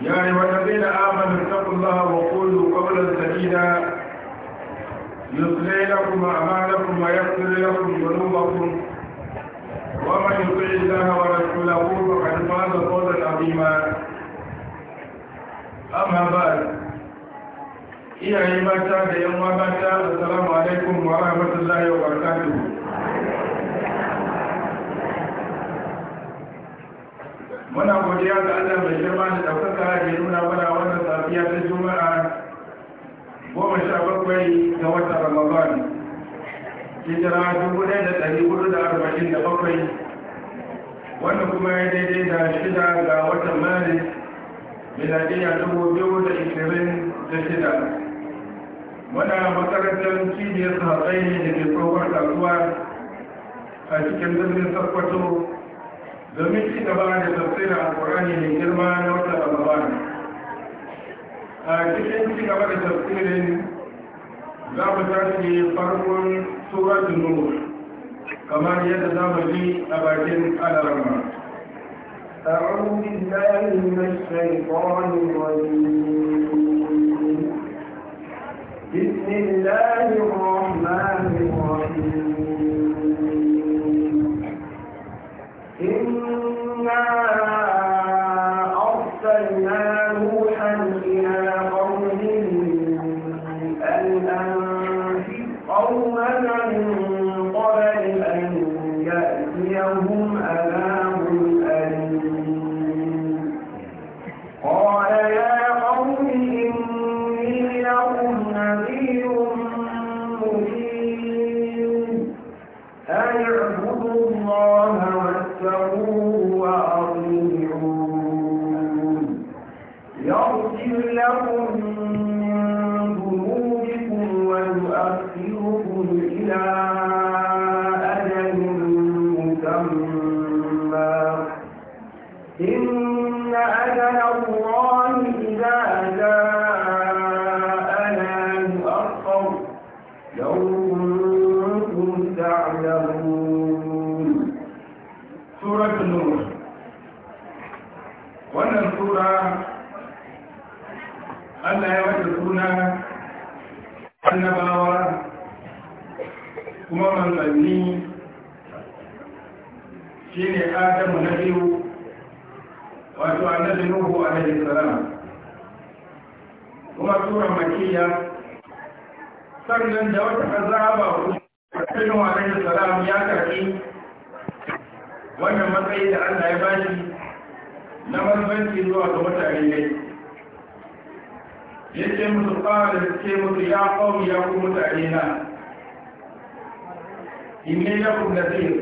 يا أيها الذين آمنوا اتقوا الله وقولوا قولا سديدا يصلح لكم أعمالكم ويغفر لكم ذنوبكم ومن يطع الله ورسوله فقد فاز فوزا عظيما أما بعد إيها المتى يوم متى السلام عليكم ورحمة الله وبركاته muna godiya ga Allah mai girma da ɗaukaka da nuna mana wannan safiya ta Juma'a goma sha bakwai ga watan Ramadan. Hijira dubu ɗaya da ɗari hudu da arba'in da bakwai Wannan kuma ya daidai da shida ga watan Maris miladiyya dubu biyu da ishirin da shida. Muna makarantar cibiyar ne da ke tsohon kasuwa a cikin birnin Sakkwato. domin ci gaba da tafsirin alkurani mai girma na wata ramadan a cikin ci gaba da tafsirin za mu tashi farkon suratun nur kamar yadda za mu ji a bakin alarma أعوذ بالله من الشيطان الرجيم بسم الله الرحمن الرحيم إن sannan da wata azaba cikin wannan salamu, ya karbi wannan matsayi da Allah ya bashi na marbanci zuwa ga mutane ne yace musu fara da ce musu ya kawo ya ku mutane na inni lakum nadhir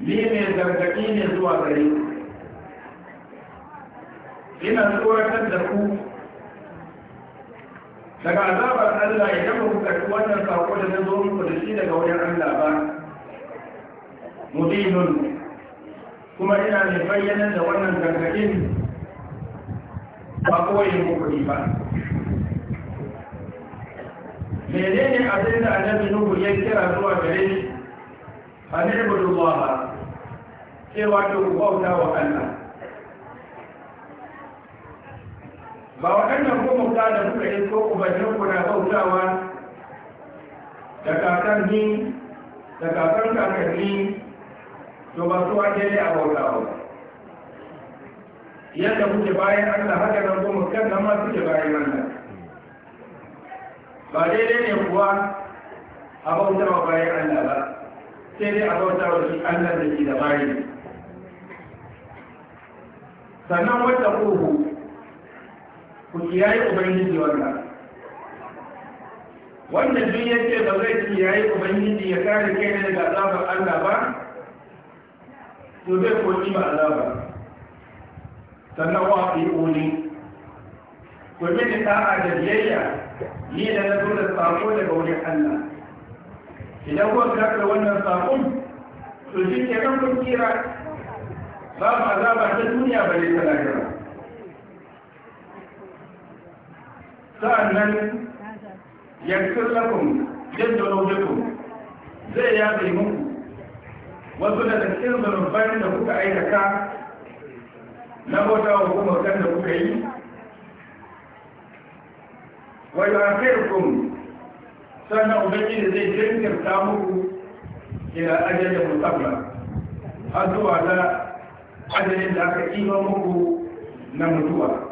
ni ne gargadi ne zuwa gare ina tsoratar da ku daga azabar Allah ya ba ku wannan sako da na zo muku da shi daga wajen Allah ba mudinun kuma ina mai bayyana da wannan gargaɗin ba kawai muku ba menene abin da annabi nuhu ya kira zuwa gare shi annabi Allah sai wato ku bauta wa Allah ba waɗannan gumauta da kuka yi ko ubanninku na bautawa da ni da kakan kakanni to ba su ake ne a bautawa yadda kuke bayan allah haka nan kan nan masu ke bayan allah ba daidai ne kuwa a bautawa bayan da ba sai dai a bautawa shi allah da ke da bayan sannan wata ƙuhu ku kiyaye ubangiji wannan wanda duk yake ba zai kiyaye ubangiji ya kare kai daga azabar Allah ba to zai koyi ba azaba sannan wa fi uli ku mini ta'a da biyayya ni da na zo sako daga wurin Allah idan ka karɓi wannan sakon to shi ke nan kun kira babu azabar ta duniya ba ne ta lahira nan yankir lakum yadda laujakun zai ya bai muku wasu da cikin zunubai da kuka aikata na bauta wa kuma kan da kuka yi wa yi afirkun sannan da zai jinkirta muku ila ajalin musamman har zuwa da ajalin da aka ima muku na mutuwa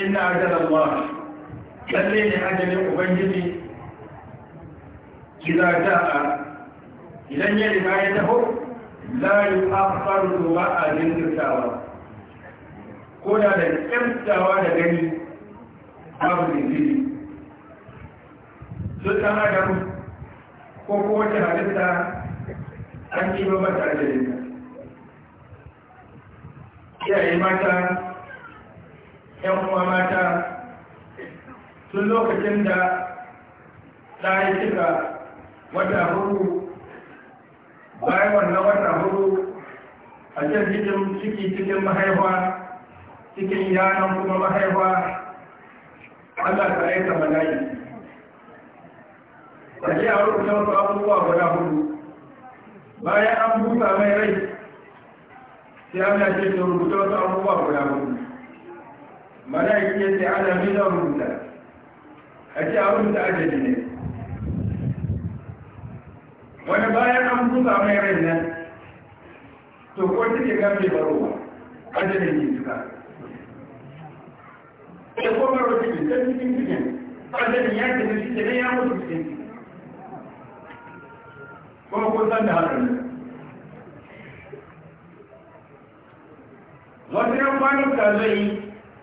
inna ajal Allah lalle ne ajalin ubangiji idza a. idan ya riga ya taho la yu'akhkharu a ajintawa ko da da kyamtawa da gani babu jirgin. sun san adam ko kowace halitta an kima mata ajalinta iyaye mata 'yan uwa mata tun lokacin da ta yi cika wata hudu bayan wannan wata hudu a can cikin ciki cikin mahaifa cikin yanan kuma mahaifa Allah ta aika mala'i da ke a rukunan wasu abubuwa guda hudu bayan an busa mai rai sai an ta rubuta wasu abubuwa guda hudu mala'iki ya ce ana nuna rubuta a ce abin da ajali ne wani bayan an buga mai rai nan to ko take gafe barowa ajalin yi suka da ko baro cikin ta cikin cikin ajalin ya ce da shi ne ya mutu cikin ko ko san da haka ne wasu yan kwanan ka zai yi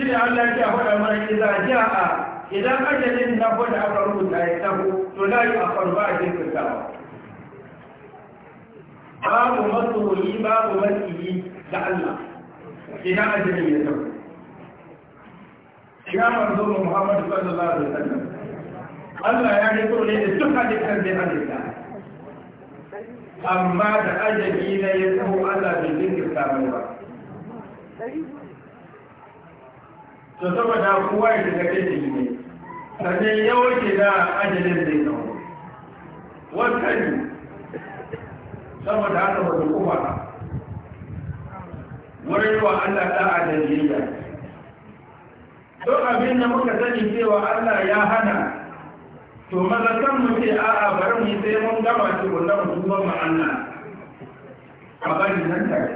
shi ne Allah ya faɗa mana idza jaa idan ajalin na faɗa aka rubuta ya tafu, to la yi akwar ba a cikin kawo babu masoyi babu masoyi ga Allah idan ajalin ya taho ya manzo Muhammad sallallahu alaihi wasallam Allah ya rito ne da duk halittar da halitta amma da ajali na ya taho Allah bai jinkirta mai ba to saboda kowa ya daga kai ne sannan yawanci da ajalin zai zama wasan saboda haka ba su kuma wurin wa Allah da'a da biyayya duk abin da muka sani cewa Allah ya hana to maza kan muke, a a'a bari mu sai mun gama shi wannan mutuwar mu Allah a bari nan tare,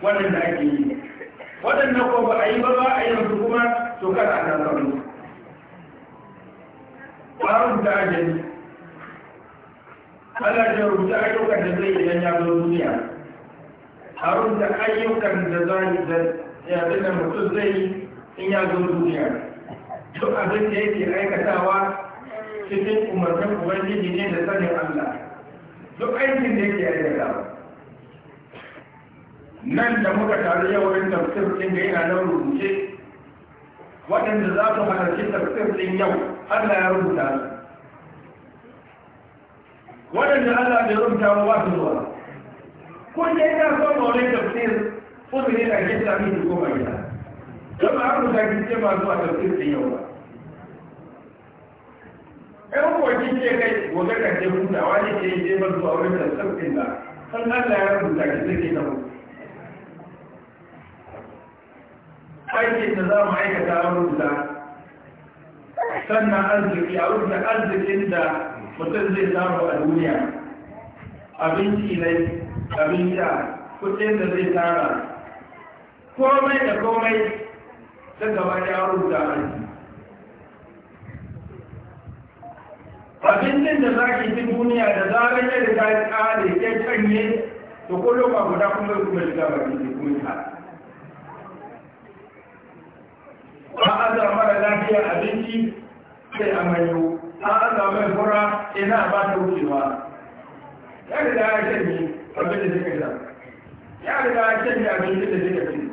wannan da ake yi waɗannan ko ba a yi ba ba a yi masu kuma to kada a nan zaune babu da ajali ana ya rubuta ayyukan da zai idan ya zo duniya a rubuta ayyukan da za yi da yadda da mutum zai yi in ya zo duniya duk abin da yake aikatawa cikin umarnin ubangiji ne da sanin Allah duk aikin da yake aikatawa nan da muka taru yau wurin tafsir ɗin da yana nan rubuce waɗanda za su halarci tafsir ɗin yau Allah ya rubuta su waɗanda Allah bai rubuta ba su zuwa kun dai ka so ma wani tafsir ne da ke sami da goma gida don ba ku rubuta kike ba zuwa tafsir ɗin yau ba ɗan kuwa kin ce kai gobe kan je hutawa ne ke yi je ba zuwa wani tafsir ɗin ba san Allah ya rubuta ki take na mutu aikin da za mu aikata rubuta sannan arziki a rubuta arzikin da mutum zai samu a duniya abinci ne abin sha kudin da zai tara komai da komai ta gaba ya rubuta arziki abincin da za ki fi duniya da zarar ya riga ya kare ya canye da kullum abu da kuma kuma shiga bakin kuma ta a aza mara lafiya abinci sai a mayo a aza mai fura ina ba ta wucewa ya riga ya canji abin da suka sha ya riga ya canji abin da suka ci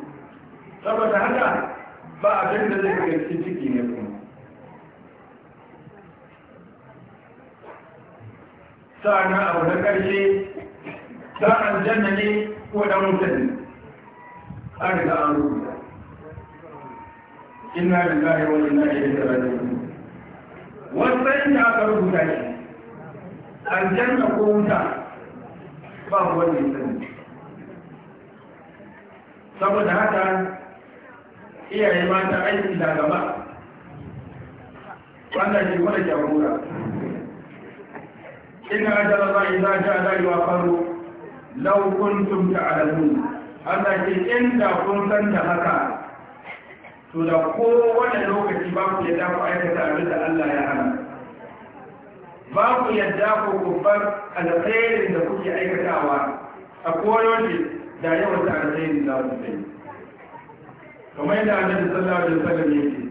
saboda haka ba abin da zai karfi ciki ne kuma sa'ana abu na ƙarshe za a janna ne ko ɗan mutane an riga an rubuta inna lillahi wa inna ilaihi raji'un wannan ya aka rubuta shi aljanna ko wuta ba wanda ya sani saboda haka iyaye mata aiki da gaba wannan shi wani jagora ina ajala ba idza ja la yuqaru law kuntum ta'lamun Allah ke inda kun san ta haka to da kowane lokaci ba ku yadda ku aikata abin da Allah ya hana ba ku yadda ku kubbar alkhairin da kuke aikatawa a koyaushe da yawan da alkhairin za su sai kamar yadda annabi sallallahu alaihi wasallam yake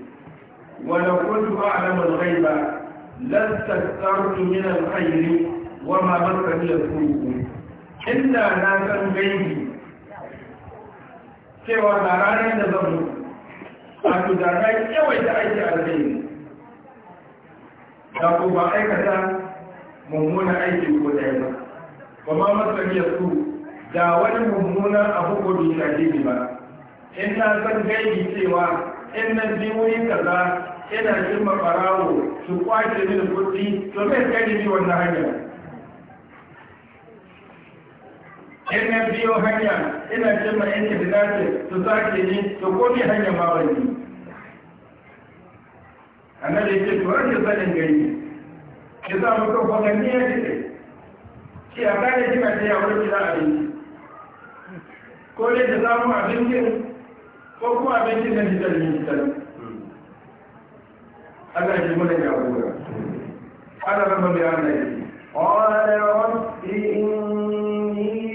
wa la kuntu a'lamu al-ghaiba lastakthartu min al-khairi wa ma masani al-su'u illa na san gaibi cewa da ranar da zan mutu wato da na yawan da aiki alheri da ko ba aikata mummunan aiki ko da ba ba ma masariyar su da wani mummunan abu ko ta shafe ba in na san gaibi cewa in na ji wuri kaza ina jin mabarawo su kwace min kuɗi to zai kai ni wannan hanyar in na biyo hanya ina jin ma yanke da dace su sake ni to ko ni hanya ma wani. annabi ya ce to rashin sanin gari ya sa muka kwanan ya ce ce a gane kina ce ya wurin gida abinci ko ne ta samu abincin ko kuma abincin na jitar jitar Allah ya ji mana jagora Allah rama mai ya ce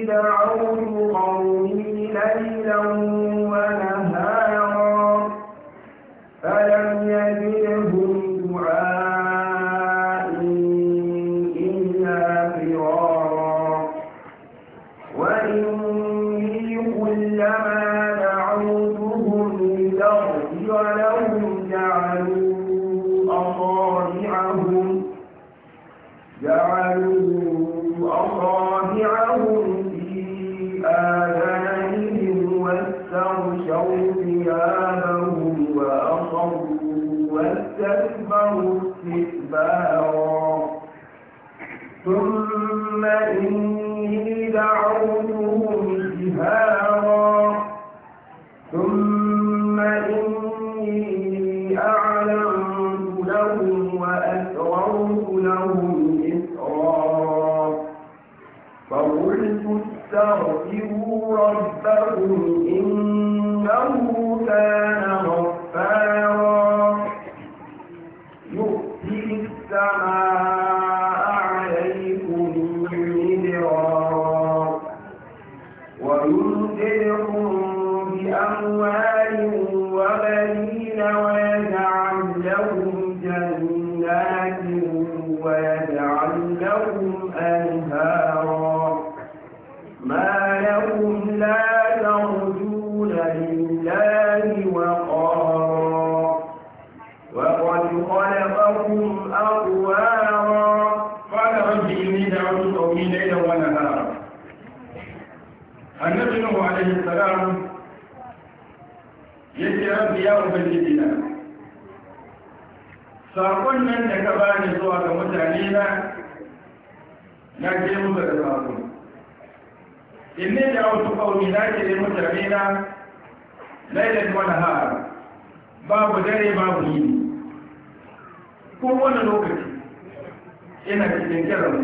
قال رب na je musu da sako in ne da wasu ƙauni na ke da mutane na lailan wani har babu dare babu yini kowane lokaci ina cikin kiran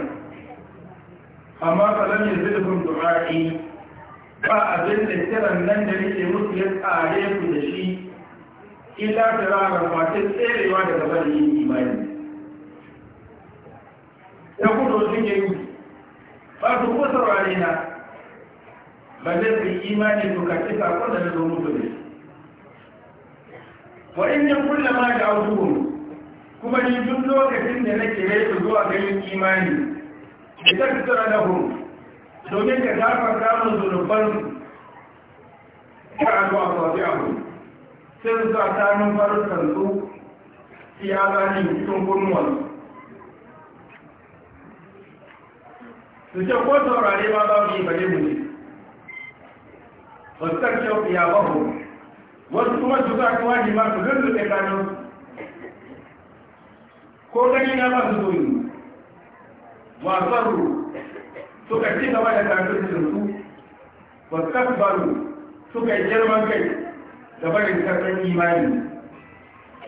amma kalan ya zirfin du'a'i ba abin da kiran nan da nake musu ya tsare ku da shi ila tirarar masu tserewa daga bari yin imani alaina ba zai fi imani su karfi sakon da na zo musu da wa in kulla ma da auduhun kuma ni duk lokacin da na kere su zuwa ganin imani idan su tsara da hun ne ka dafa samun ban ka abu a kwafi hu sai su sa tanun farukan su iya zanen kun kunnuwansu tuje ko saurare ma ba mu yi mu ne wasu kan kyau ya bahu wasu kuma su ga kuma ji ma su gandu da kanon ko gani na ba su zoyi su ka ci gaba da kafin su wasu kasbaru su yi girman kai da barin karfin imani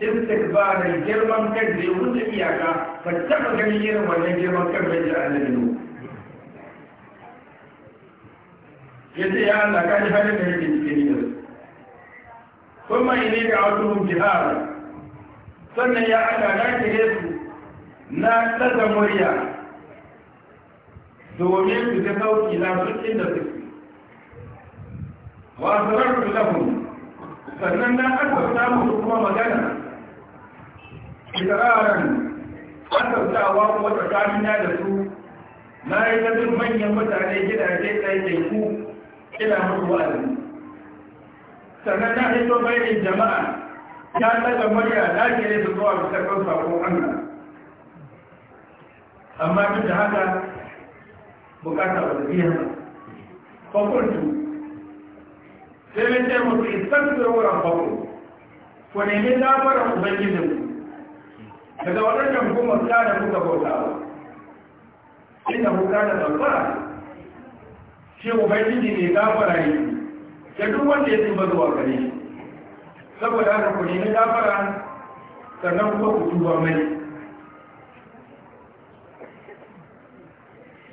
istikbarar girman kan da ya wuce iyaka ba taɓa gani irin wannan girman kai da da ne. ya ce ya Allah ka ji halin da yake cikin ni yanzu kuma ne ga wasu jihar sannan ya Allah na kire su na ɗaga murya domin su ga sauki na sun da suke wa sararku lahum sannan na aka samu kuma magana ikiraran asautawa kuma tsakanina da su na yi nazin manyan mutane gidaje ku. ina mutu wa'azi sannan ta fito bayanin jama'a ya daga murya na kere su zuwa bisa kan sabon Allah amma duk da haka bukata ba biya ba fakultu sai mai ce su istanbul wuran fakultu ku nemi labarin ubangijin daga waɗannan kuma da kuka bauta ba inda kuka da babbara shi ubangiji ne gafara ne da duk wanda ya tuba zuwa gare shi saboda haka ku nemi gafara sannan kuma ku tuba mai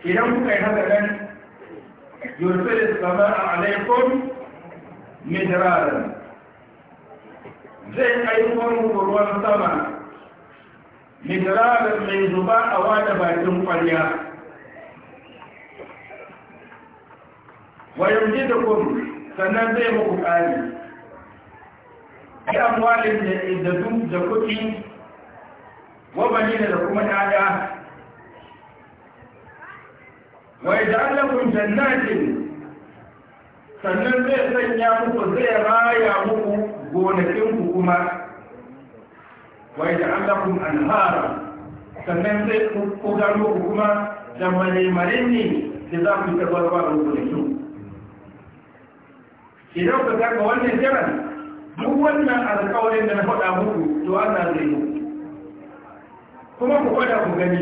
idan kuka yi haka nan yurfil a alaikon midraran zai aiko muku ruwan sama midraran mai zuba a wada bakin kwalliya. da yamjidukum sannan zai muku ƙari ya amwalin da duk da kuɗi wa banina da kuma ƴaƴa wa yaj'al lakum jannatin sannan zai sanya muku zai raya muku gonakinku kuma wa yaj'al lakum anhara sannan zai ku gano kuma da mare ne da za ku yi tabbar ba da kyau idan ka ga wannan jiran duk wannan alƙawarin da na faɗa muku to Allah zai yi kuma ku kwada ku gani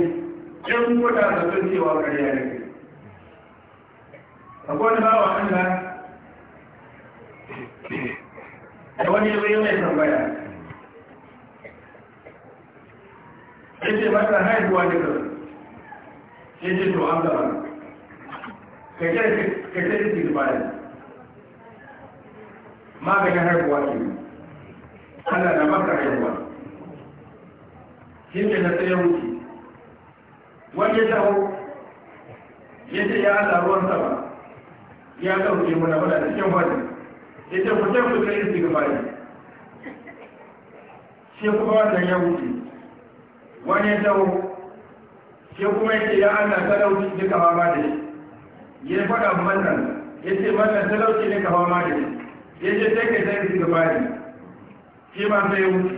in kwada da sun cewa ƙarya ne akwai ba wa Allah da wani zai mai tambaya ce masa haihuwa ne sai ce to an gaba ka ce ka ce ba ne. Ma maganin haihuwa ke Allah na maka haihuwa shi ne na sai wuce wani ya taho ya ce ya ala ruwan sama ya ɗauke muna muna da cikin wani ya ce ku tafi kai isi gaba ne shi kuma wannan ya wuce wani ya taho shi kuma ya ce ya ala talauci duka ma da shi ya faɗa mannan ya ce mannan talauci duka ma da shi ya ce sai zai sai shiga bari shi ma sai ya wuce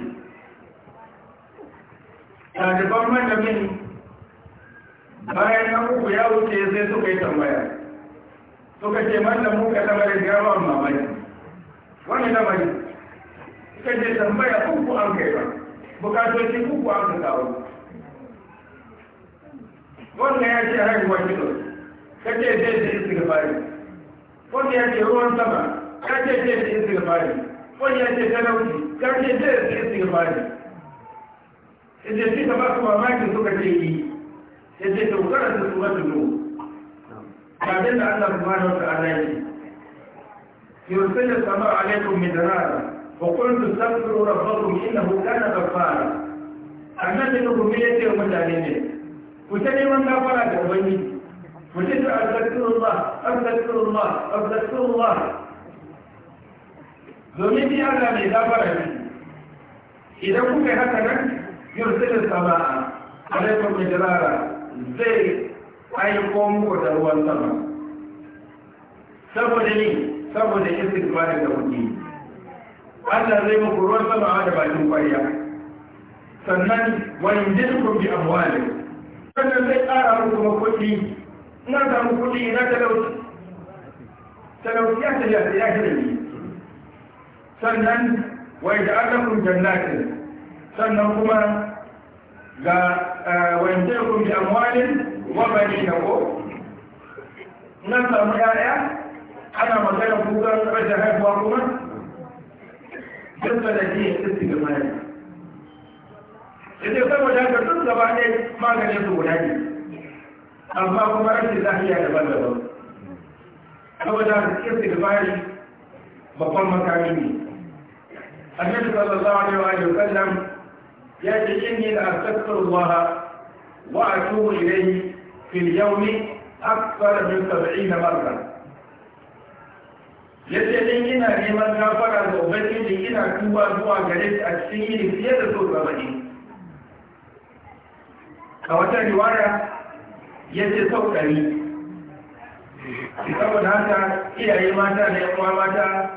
ɗaliban mini bayan na uku ya wuce sai suka yi tambaya suka ce malamu ka lamarin gawa mamaki wani lamari suka ce tambaya uku an kai ba bukatoci uku an ka kawo wannan ya ce haihuwa kilo ce zai zai istighfari wanda ya ce ruwan sama ka ce ce da istighfari wani ya ce talauci ka ce ce da istighfari ya ce ta ba su mamakin suka ce yi ya ce ka karanta su wata nuhu abin da Allah subhanahu wa ta'ala yake yursil as-samaa 'alaykum midrara wa qul tastaghfiru rabbakum innahu kana ghaffara annabi ne kuma yake mutane ne ku ta neman gafara ga ubangiji ku ce astaghfirullah astaghfirullah astaghfirullah domin ni Allah mai zafara ne idan kuka yi haka nan sama a alaikum mijrara zai aiko muku da ruwan sama saboda ni saboda istighfarin da kuke Allah zai muku ruwan sama da bakin kwariya sannan wa yunjirukum bi amwalikum sannan zai tsara muku kuɗi na samu kuɗi na talauci talauci ya tafiya ya ne sannan wai da aka kun jannatin sannan kuma ga eh, wanda kun bi amwalin wa bani da ko nan samu yaya ana magana kuka rashin haihuwa kuma duk da ji ya tsitsi ga mai idan saboda haka sun gaba ne maganin su guda ne amma kuma rashin lafiya daban-daban saboda haka tsitsi ga mai babban makami ne النبي صلى الله wa sallam ya ce inni la astaghfirullah wa atubu ilayhi fi al-yawmi akthar min 70 ina neman gafara da ubangiji ina tuba zuwa gare a cikin yini fiye da so saba'in a wata riwaya sau ɗari saboda haka iyaye mata da yan mata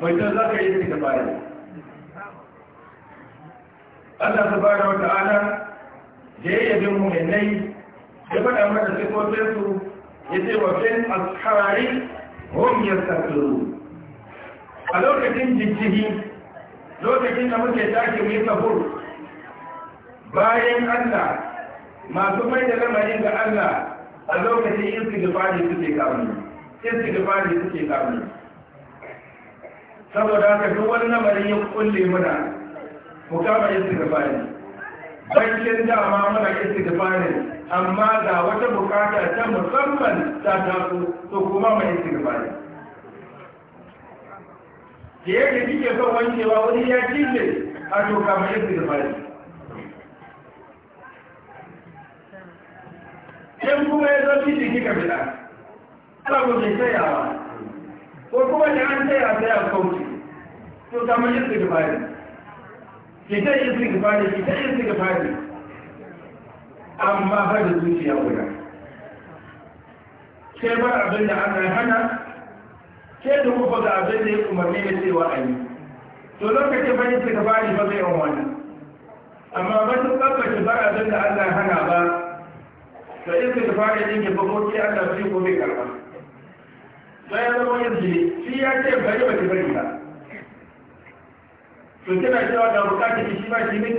mai can za ka yi ta baya Allah ta bada wa ta'ala da ya yabi muhimmai ya faɗa mata sifofinsu ya ce wa fin ashari hum yastaqiru a lokacin jijjihi lokacin da muke tashi mu yi sahur bayan Allah masu mai da lamarin ga Allah a lokacin su istighfari suke su istighfari suke kawo saboda haka duk wani lamarin ya kulle muna mu kama istighfari bankin dama muna istighfari amma ga wata bukata ta musamman ta taso to kuma mai istighfari ke yake kike son wankewa wani ya kille a to kama istighfari in kuma ya zo kike kika bida ala ko bai yawa. ko kuma da an tsaya sai a kauce to ta mai istighfari ki ta istighfari ki ta istighfari amma fa da zuciya guda sai ba abin da aka hana sai da kuma ga abin da ya umarni da cewa a yi to lokacin ba istighfari ba zai umarni wani amma ba su kabbace ba abin da Allah hana ba su istighfari din ke ba ko an Allah fi ko bai karba don ya zama yanzu jini shi ya ce bari ba ki bari ba to kina cewa ga bukatar shi ba shi ne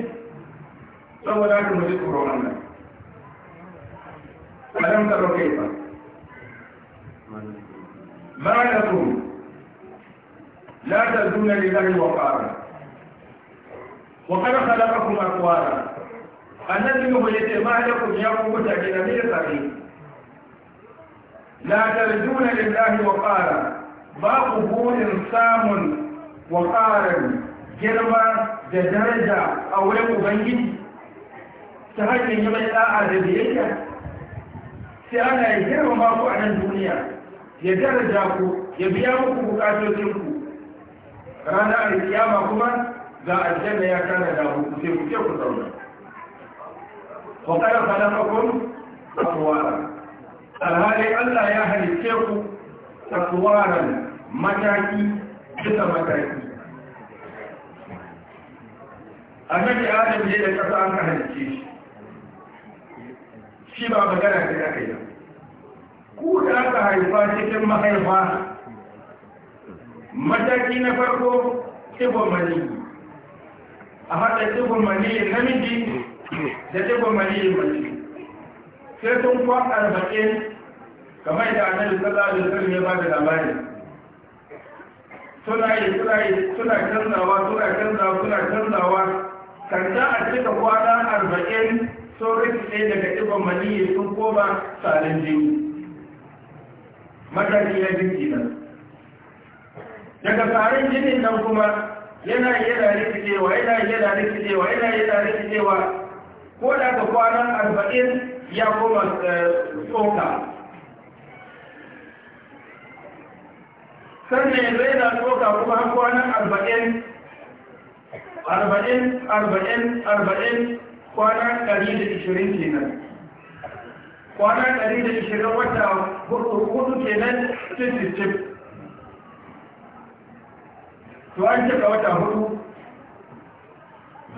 saboda haka mu ji ba. Allah alam taro kaifa ma lakum la tazuna lillahi waqara wa kada ka kuma qad khalaqakum aqwara annabi ko yace ma lakum ya ku mutane da me tsari la tarjuna lillahi wa qara babu burin samun wa ƙarar girma da daraja a wurin ubangiji ta hanyar yi mai da'a da biyayya sai ana girma ku a nan duniya ya daraja ku ya biya muku bukatocinku ranar alkiyama kuma ga aljanna ya kana da ku sai ku ce ku zauna wa qala khalaqakum amwara alhali Allah ya halice ku tsawaran mataki duka mataki annabi adam ne da kasa an ka halice shi shi ba magana da aka yi ku da aka haifa cikin mahaifa mataki na farko tsibon mani a haɗa tsibon mani namiji da tsibon mani mace sai sun kwa arba'in kamar da annabi sallallahu alaihi wasallam ya ba da labari suna yi suna yi suna canzawa suna canzawa suna canzawa kanta a cika kwana arba'in sun rikice daga ɗiban maniyyi sun koma salin jini matashi ya jiki nan daga farin jini nan kuma yana yi yana rikicewa yana yi yana rikicewa yana yi yana rikicewa ko da ka kwanan arba'in ya koma eh, tsoka sannan zai na tsoka kuma an kwanan arba'in arba'in arba'in arba'in kwanan ɗari da ishirin kenan kwanan ɗari da ishirin wata hudu kenan cin to an cika wata hudu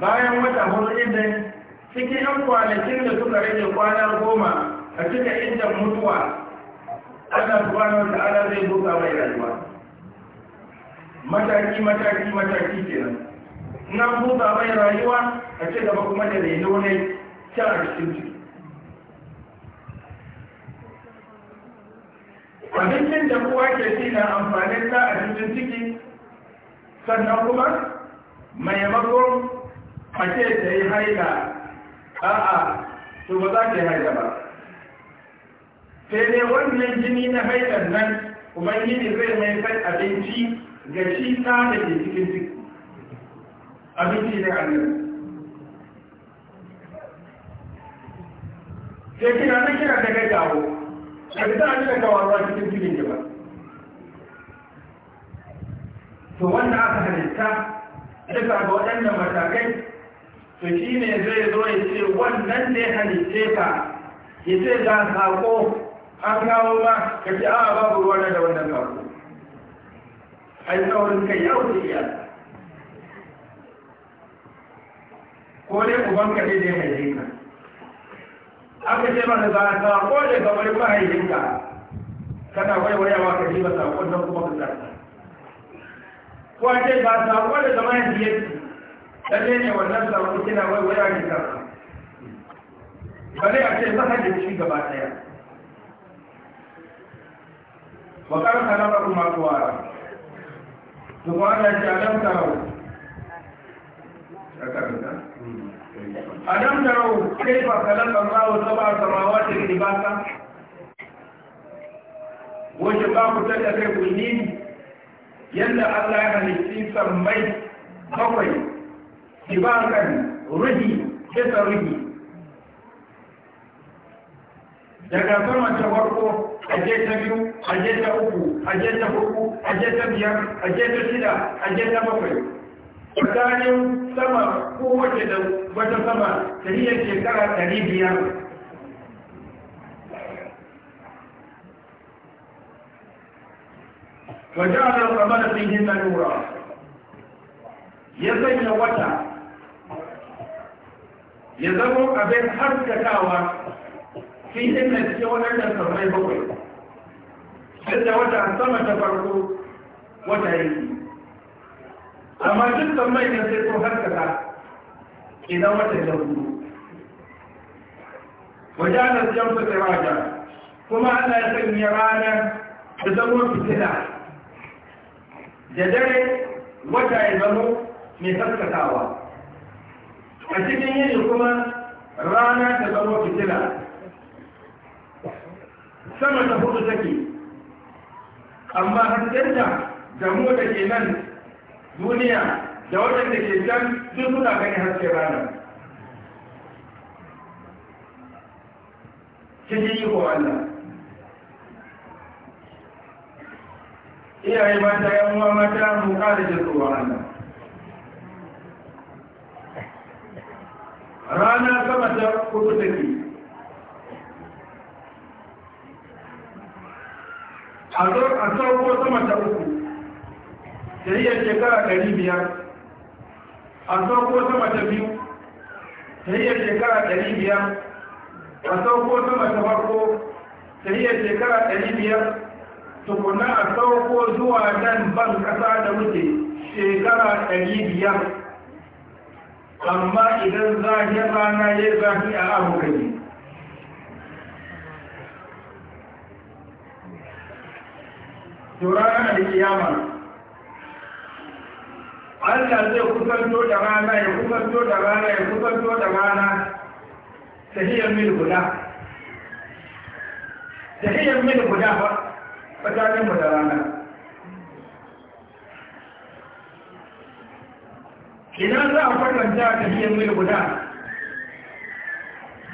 bayan wata hudu ɗin cikin yan kwanakin da suka rage kwana goma a cikin inda mutuwa ana kwana wata ala zai buka mai rayuwa mataki mataki mataki kenan na buka mai rayuwa a ce gaba kuma da rai ne can a cikin ciki abincin da kuwa ke shi na amfanin ta a cikin ciki sannan kuma maimakon a ce ta yi haida a'a to ba za ka yi haila ba sai dai wannan jini na hailar nan kuma ne zai mai kan abinci ga shi ta da ke cikin ciki abinci ne a nan sai kina na kina da dawo. a bisa an da wasa cikin cikin ki ba to wanda aka halitta bisa ga waɗannan matakai to shi ne zai zo ya ce wannan ne halitte ka ya ce za ga saƙo an kawo ba ka ce a babu ruwa da wannan saƙo ai tsawon kai ya wuce iya ko dai ka ne da ya haife ka aka ce mana ba a saƙo ne kamar mahaifinka kana waiwayawa ka ji ba saƙon nan kuma ka zarta ko a ce ba saƙo da kamar yadda lalle ne wannan samu kina waiwaya ne ta bare a ce mahajin shi gaba daya wa kan kalama kuma tuwara to ko Allah ya alam tarau alam tarau kaifa khalaqa Allahu sab'a samawati libasa wace ba ku tada kai ku ni yadda Allah ya halitta sammai bakwai tibakan ruhi bisa ruhi daga sama ta farko aje ta biyu aje ta uku aje ta hudu aje ta biyar aje ta shida aje ta bakwai tsakanin sama ko wace da wata sama ta iya shekara ɗari biyar وجعل القمر فيهن Ya يسجل wata. ya zama abin haskakawa fi inda cikin waɗannan sarrai bakwai inda wata sama ta farko wata yake amma duk sarrai na sai sun haskaka idan wata ya hudu wajenar jamsa tsiraja kuma ana sanya ranar da zama fitila da dare wata ya zama mai haskakawa a cikin yin kuma rana ta zama fitila sama ta hudu take amma hantarta da mu da ke nan duniya da waɗanda ke can duk suna gani haske rana cikin yi ko Allah iyaye mata yan uwa mata mu kare jirgin Allah rana sama ta kudu take a sauko sama ta uku shari'ar shekara ɗari biyar a sauko sama ta biyu shari'ar shekara ɗari biyar a sauko sama ta farko shari'ar shekara ɗari biyar tukuna a sauko zuwa nan ban ƙasa da muke shekara ɗari biyar amma idan zafin rana ya zafi a abu gani turana da kiyama Allah zai kusanto da rana ya kusanto da rana ya kusanto da rana tahiyar mil guda tahiyar mil guda ba tsakanin mu da rana idan za a farkanta ta biyan mil guda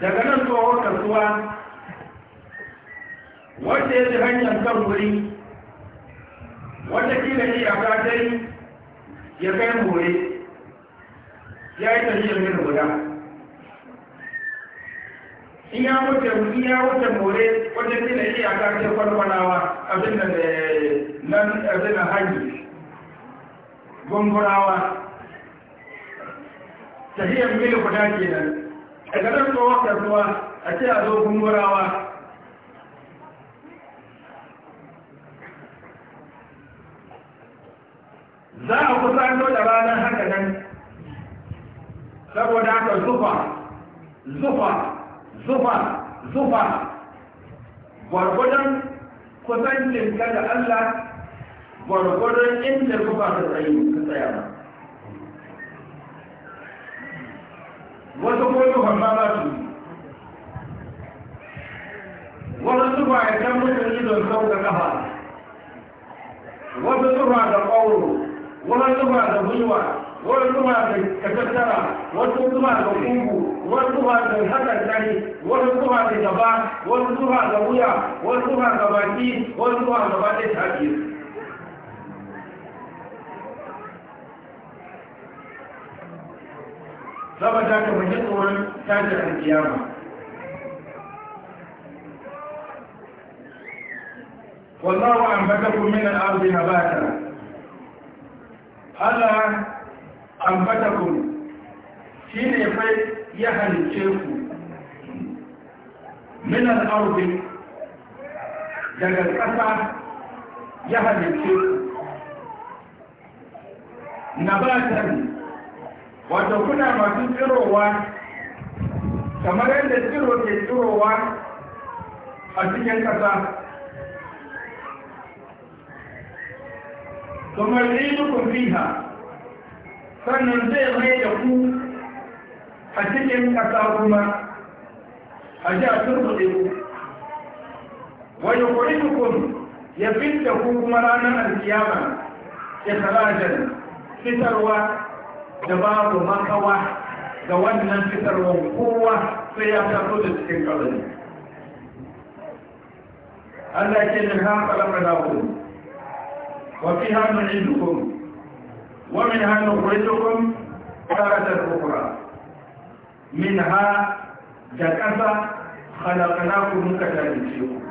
daga nan tsohon kasuwa wanda ya ji hanyar kan wuri wanda kila ne a katai ya kai more ya yi tafiyar mil guda in ya wuce in ya wuce more wanda kila ne a katai kwalwalawa abin da eh, nan abin da hanyar gungurawa tahiyar mili guda kenan daga nan tsohon kasuwa a ce a zo gungurawa za a kusa da ranar haka nan saboda haka zufa zufa zufa zufa gwargwadon kusancin ka da Allah gwargwadon inda zufa ta tsaye ta tsaya ba wasu koyo hamma za su wasu zuwa a san mutum idon sau da kafa wasu zuwa da ƙauro wasu zuwa da gwiwa wasu zuwa da katattara wasu zuwa da kungu wasu zuwa da hakan tare wasu zuwa da gaba wasu zuwa da wuya wasu zuwa da baki wasu zuwa da baɗin tafiya za mu taka muke tsoron tashi alkiyama wallahu an baka min al-ard nabata Allah an baka ku shine fa ya halice ku min al-ard daga kasa ya halice ku nabatan wato kuna masu tsirowa kamar yadda tsiro ke tsirowa a cikin ƙasa kuma dukkan fiha sannan zai mai da ku a cikin ƙasa kuma a ji a turbuɗe ku wani kurikukun ya fi da ku kuma ranar alkiyama ya tsarajen fitarwa da babu makawa ga wannan fitarwar kowa sai ya taso da cikin ƙazani Allah ke min ha ƙalamar dawo wa fi hannun idukun wa min hannun kurejukun ƙaratar kukura min ha da ƙasa halakana ku muka tarihi ku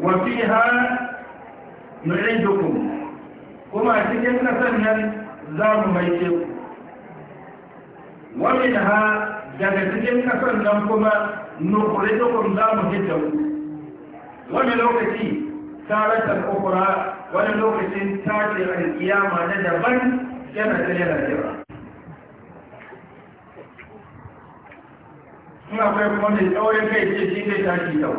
wa fi ha nu'idukum kuma a cikin ƙasar nan za mu mai ku wani da ha daga cikin ƙasar nan kuma nukuritukun za mu hita ku wani lokaci taratar kokura wani lokacin tashin alkiyama na daban yana ta yana jira in akwai kuma mai tsawon kai ce shi ne tashi yau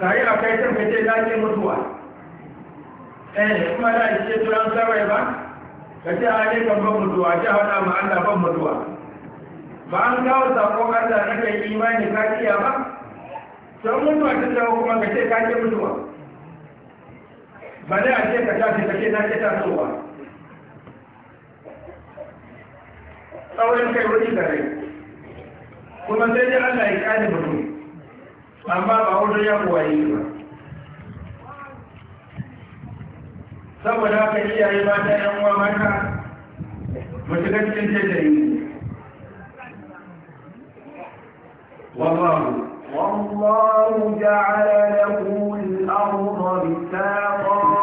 kayi kai kan kai ce lafiya mutuwa ẹni eh, kuma da ake ce turan sarai ba ka ce a ne kan ban mutuwa ce hana ma Allah ban mutuwa ba an kawo sakon Allah na kai imani ka iya ba sau mutuwa ta dawo kuma ka ce ka ce mutuwa ba dai a ce ka tafi ka ce na ke tasowa tsaurin kai wuri da rai kuma sai dai Allah ya kani mutu. amma ba wurin ya kuwa yi ba saboda haka iyaye mata yan uwa mata mu shiga cikin tattayin والله والله جعل له الأرض بساقا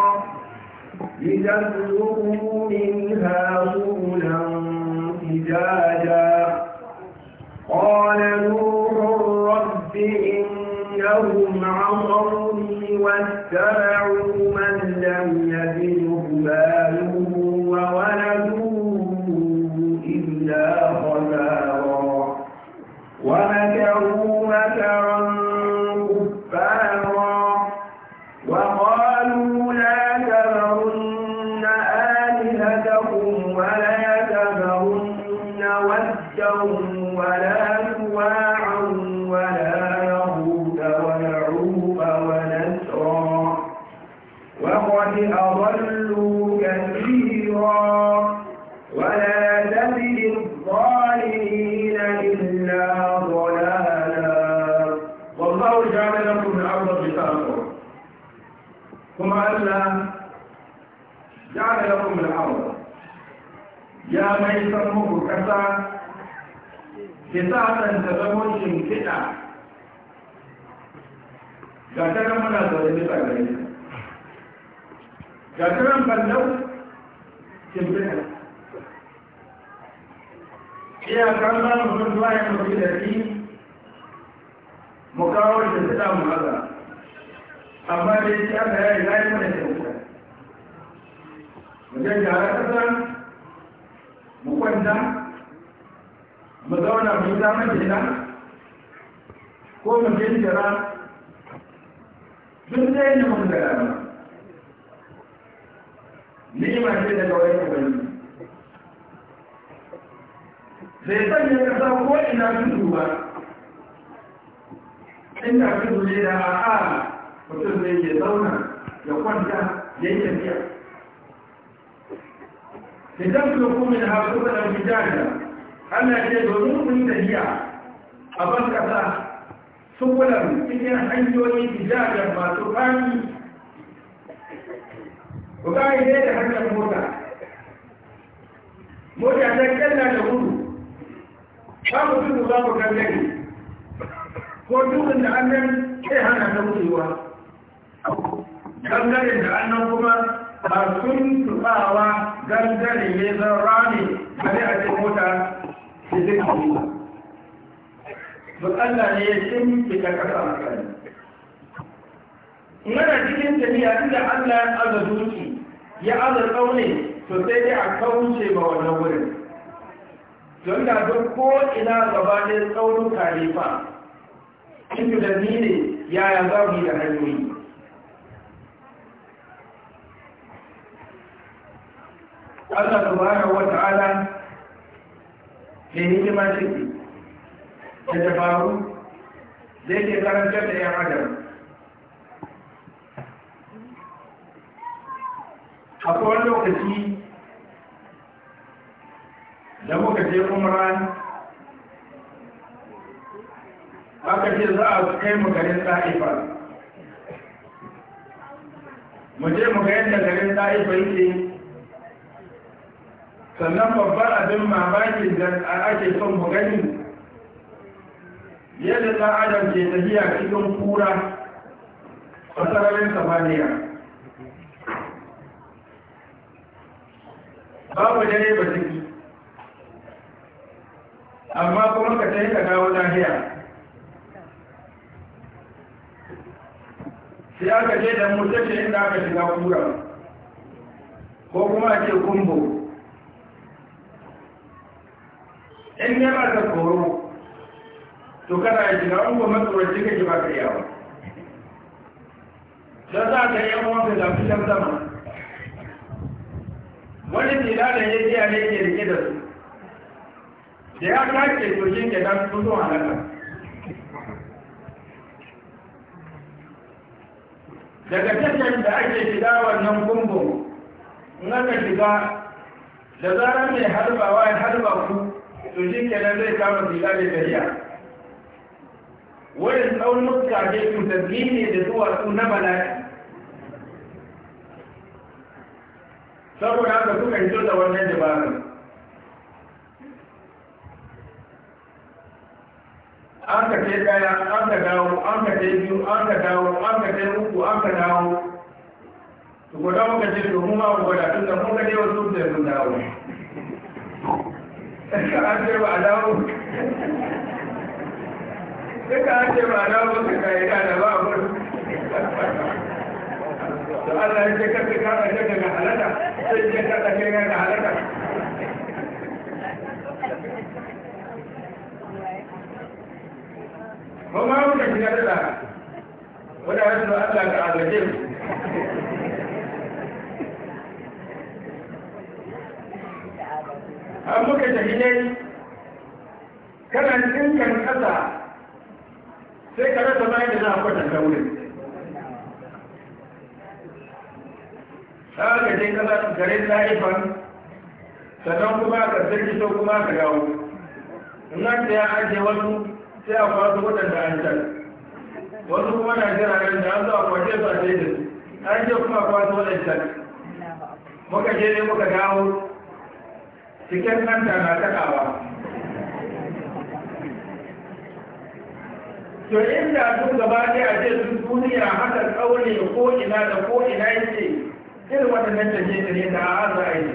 لتسلكوا منها سبلا فجاجا قال نوح رب إنهم عصوني واتبعوا wannan ta zama shimfiɗa ga ta nan muna zaune bisa gari. ga ta nan ballau shimfiɗa iya kallon mutum zuwa ya mafi da shi mu kawo shimfiɗa mu haza amma da ya ce aka yi zai mana shimfiɗa mu jan gyara ƙasa mu kwanta mu zauna mu yi zama jina, ko mu jira duk da yin mun da rana ni'ima ce daga wani ubangiji bai sanya kasa ko ina tudu ba inda tudu ne da a'a mutum zai ke zauna ya kwanta ya yi tafiya idan su kuma da haƙuƙa da bijariya Allah ce domin kun tafiya a ban kasa sukulan cikin hanyoyin tijarar masu fami ku ga ide da hanyar mota mota ta kalla da gudu ba mu tudu za mu kalle ko dukkan da annan sai hana ta wucewa gangaren da annan kuma ba sun tukawa gangare ne zan rami a cikin mota sai Allah ne ya ce ni ke ka kasa makani mara cikin tafiya inda Allah ya aza duki ya aza tsaune to sai dai a kauce ba wannan wurin don da duk ko ina gaba ne tsaunin kalifa inda da ni ne yaya za mu yi da hanyoyi Allah subhanahu wata ta'ala mai hikima ciki da dabaru da yake karantar da yan adam a kowane lokaci da muka je umra aka ce za a kai mu garin ta'ifa mu je mu ga yadda garin ta'ifa yake sannan babban abin mamakin da ake son mu gani yadda ta adam ke tafiya cikin kura a sararin samaniya babu dare ba ciki amma kuma ka ta yi ka dawo lahiya sai aka je da mutace inda aka shiga kura ko kuma ake kumbo in ne ba ta koro to kana shiga an goma tsoron shi ba ka yawa don za ka yi yawon ka zafi shan zama wani tila da ya ji a ne ke rike da su da ya kake to ke nan sun zo halaka daga tashar da ake shiga wannan gungun in aka shiga da zarar mai harbawa ya harba ku to shi kenan zai kama zila da tafiya Wani tsaunuka mutka ne cutarni ne da duwatsu na bala'i saboda haka suka hito da wannan dabarar an ka ce daya an ka dawo an ka ce biyu an ka dawo an ka ce uku an ka dawo to ko dawo ka ce domin kuma gwada tun da mun ga dai wasu da sun dawo ka ce ba dawo duka an ce ba dawo ka ka'ida da ba abun to Allah ya ce kasa kasa ce daga halata sai ce kasa ce daga halata kuma muka shiga da wadda wasu Allah ka azaje mu an muka tafi ne kana kan kasa sai ka rasa bayan da za a ka wurin haka dai ƙasa gare ta haifan sannan kuma ka sarki sau kuma ka dawo nan da ya ajiye wasu sai a kwasu waɗanda an can wasu kuma na jira nan da an zuwa a kwace su a sai da su an je kuma kwasu waɗanda muka je ne muka dawo cikin ta na takawa to inda sun gaba ne a ce sun duniya haka kaure ko ina da ko ina yake irin waɗannan canje ne da a za a yi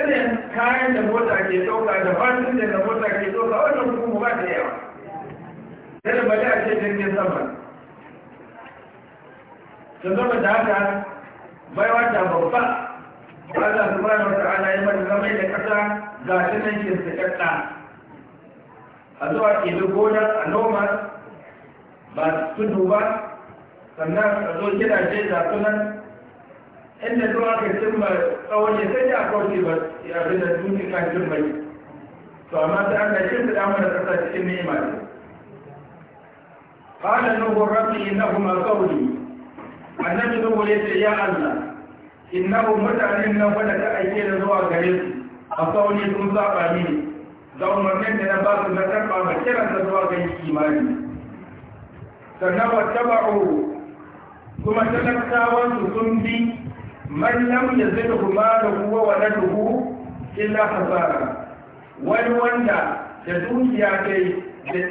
irin kayan da mota ke ɗauka da fasin da da mota ke ɗauka wannan hukumu ba da yawa sai ba bari a ce jirgin sama sun zama da haka baiwa ta babba Allah subhanahu wa ta'ala ya mata zama da kasa ga ta nan ke sakadda a zuwa ke gona a noma ba su duba sannan a zo gidaje da sunan inda zuwa ka cimma tsawon ya sai ya kauce ba ya fi da duniya kan cimma to amma sai Allah ya da mana kasa cikin ni'ima ne قال نوح ربي إنهما قولي النبي نوح ya Allah. innahu mutanen nan wanda ta aike da zuwa gare su a sauni sun saba mini da umarnin da na ba su na karɓa ba kiran da zuwa ga imani sannan wa taba'u kuma talakawan su sun bi man lam yazidhu maluhu wa duhu illa hasara wani wanda da dukiya kai da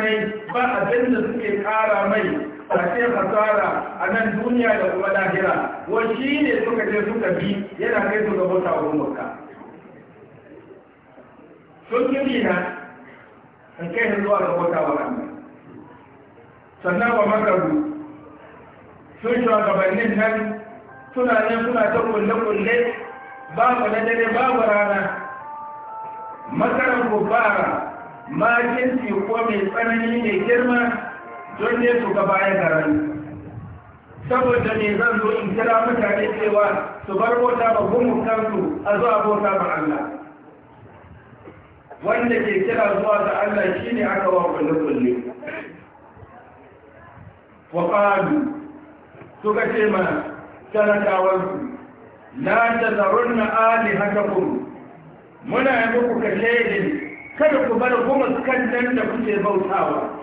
ne ba abin da suke kara mai face hasara a nan duniya da kuma lahira wa shi ne suka je suka bi yana kai su ga bauta wa makka sun ki bi na in kai su zuwa ga bauta wa Allah sannan ba makaru sun gabanin nan suna nan suna ta kulle-kulle babu na dare babu rana makaran gobara ma jinsi ko mai tsanani mai girma don ne su ga bayan garin saboda ne zan zo in kira mutane cewa su bar bota ba gumin kansu a zuwa bota ba Allah wanda ke kira zuwa ga Allah shi ne aka wa kullu kulle. wa suka ce ma Na zarun na Ali haka alihatakum muna yi muku kashe kada ku bar gumus kan nan da kuke bautawa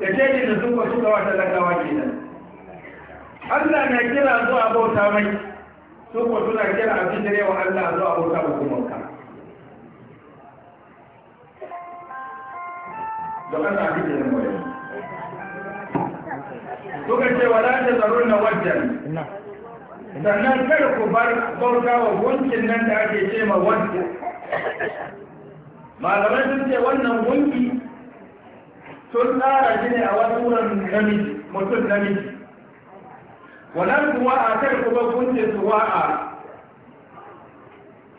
da ce da sun wasu gawa talakawa ke nan Allah na kira zuwa bauta mai sun suna kira abin da yawa Allah zuwa bauta hukumarka da kan na fiye da mawai suka ce wa lati tsaron na wajen sannan kada ku bar bauta wa gunkin nan da ake ce ma wajen malamai sun ce wannan gunki sun tsara shi ne a wasu wurin namiji mutum namiji wannan kuma a kan kuma kunce suwa'a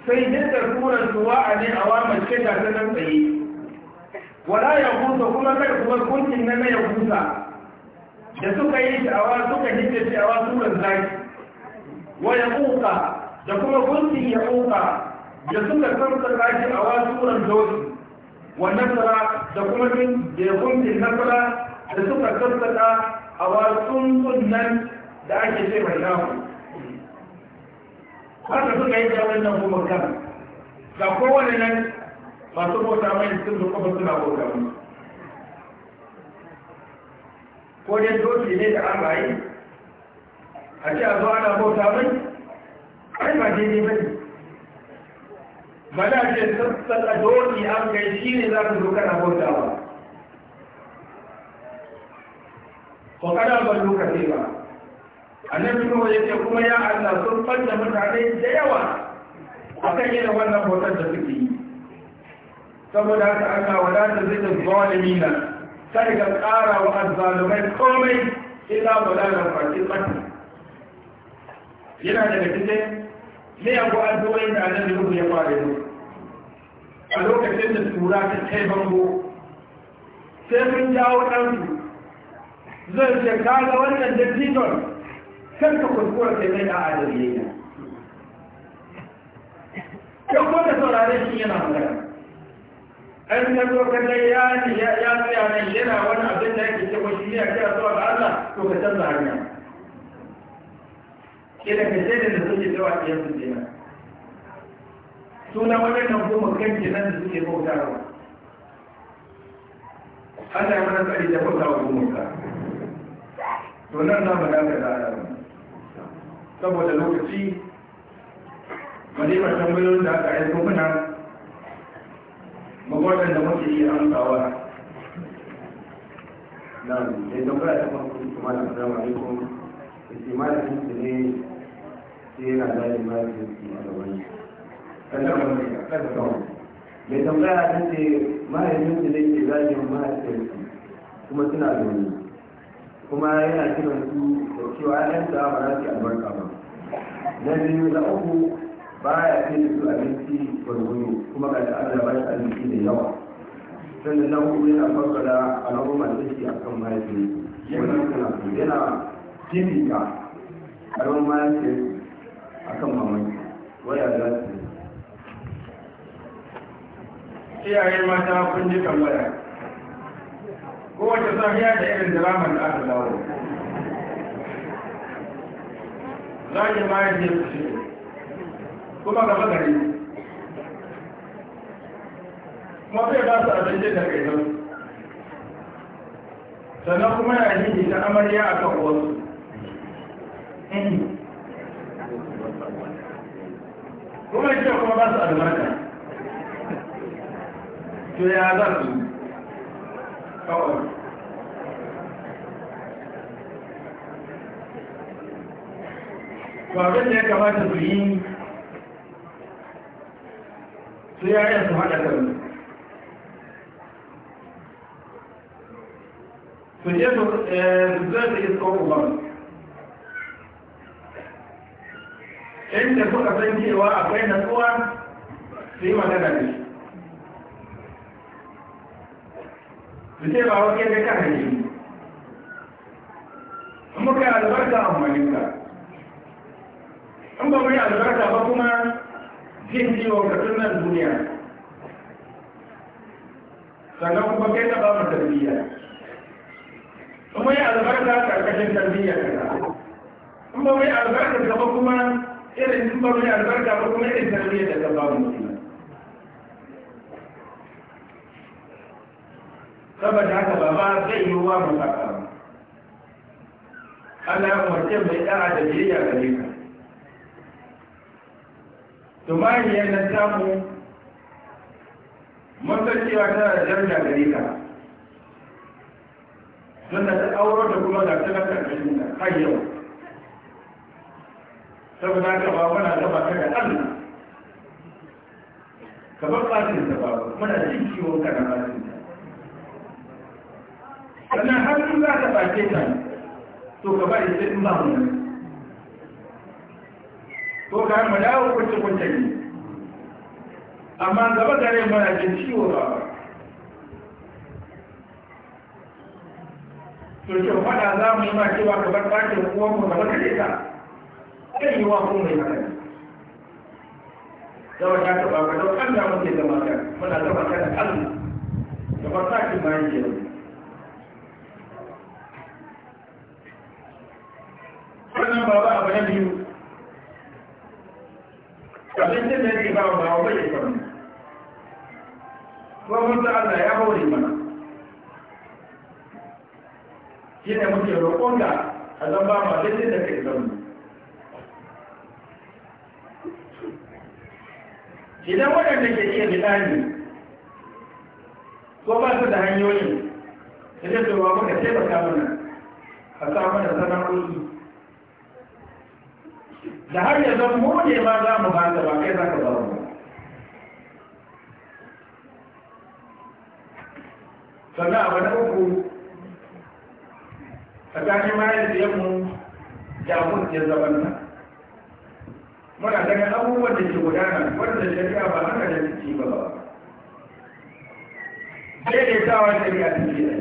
sai jinta suran suwa'a a ne a wa mace ta ta nan tsaye wala ya kusa kuma kai kuma kuncin na na ya kusa da suka yi sha'awa suka hinta sha'awa suran zaki wa ya kuka da kuma kuncin ya kuka da suka san tsakashi a wa suran doki wannan tsara da kuma bin jefun bin nasara da suka sassaka a wasun sunan da ake ce mai namu haka suka yi jawon nan kuma kan ga kowane nan masu bauta mai sun da kuma suna bauta mu ko dai doki ne da an bayi a ce a zo ana bauta mai ai ba daidai ba ne ba ce sassaka doki an kai shi ne za ka zo kana bautawa ko kana ban lokaci ba annabi ya ce kuma ya Allah sun fanta mutane da yawa akan yin wannan bautar da suke yi saboda haka Allah wala ta zai da zalimina sai ka ƙara wa azzalumai komai illa balalan fasiqati yana daga cikin me ya go addu'o'in da annabi ruhu ya fara yi a lokacin da tura ta kai bango sai mun jawo ɗansu zai ce kaga wannan dattijon kan ka kuskura kai mai da adalci ne kan ko da saurare shi yana magana an ka zo ka dai ya ya tsaya nan yana wani abin da yake cewa shi ne a kira zuwa ga Allah to ka canza hanya idan ka shaidar da suke tsawa a yanzu kenan suna waɗannan goma kan nan da suke bautawa Allah ya mana tsari da bautawa goma ka to nan za mu daga da alamu saboda lokaci malibar tambayoyin da aka aiko muna magwatan da muke yi amsawa na da eh, tambaya ta farko kuma da assalamu alaikum istimalin ne yana da yake a gaban mai tambaya ta ce mahaifinsu ne ke zagin mahaifinsu kuma suna da kuma yana kiran su da cewa ɗan ta ba za su albarka ba na biyu na uku ba ya ce da su abinci gwargwaro kuma ga ta'ala ba shi abinci da yawa sannan na uku yana fassara al'ummar da shi a kan mahaifinsu yana a ruwan mahaifinsu akan mamaki waya za su iyaye mata kun ji tambaya kowace safiya da irin diramar da aka dawo za ki ma yi ne su kuma ga magani kuma zai ba su abinci da kai sannan kuma yana yi ta amarya a kan wasu hmm. kuma da kuma ba su albarka to ya za su kawai da ya kamata su yi su yayin su haɗa su je su zai eh, inda kuka san cewa akwai natsuwa su yi magana ne su ce ba wakil da kan hanyar yi muka albarka a malinka in ba mai albarka ba kuma jin ciwo ga nan duniya sannan kuma kai ta ba tarbiyya kuma yi albarka karkashin tarbiyya kaza kuma mai albarka gaba kuma irin duk ba mai albarka ba kuma irin tarbiyyar da ta ba mu mutum saboda haka ba ma zai yi wa mu saka ba ana umarce mai ɗara da biyayya gare ka tumani yana samu mun cewa tana da daraja da ka don da ta auro da kuma ga tana karkashin ka har yau saboda haka ba muna raba ka da Allah ka bar fatin ta ba muna jin ciwon ka na fatin ta sannan har in za ta face ta to ka bari sai in ba mu ne to ka mu dawo kunce kunce ne amma gaba gare muna jin ciwo ba to ce faɗa za mu yi ma cewa ka bar fatin uwanmu ka bar ka ta kai yi wa kun mai haka zama ta taba ka don an damu ke zama muna zama da da ba ki bayan ke wannan abu na biyu abincin da yake ba ba bai kwanu kuma allah ya hore mana shi ne muke roƙon ka a zan ba ma daidai da kai zaune idan waɗanda ke iya ɗani ko ba su da hanyoyin da zai zuwa muka taimaka mana a samun da sana'o'i da har yă zan mu ma za mu ba ba kai za ka ba mu sannan abu na uku tsakanin mahaifiyarmu da jamus ya zama nan muna ganin abubuwan da ke gudana wanda shari'a ba haka da ciki ba ba daidaitawa shari'a ta ce ne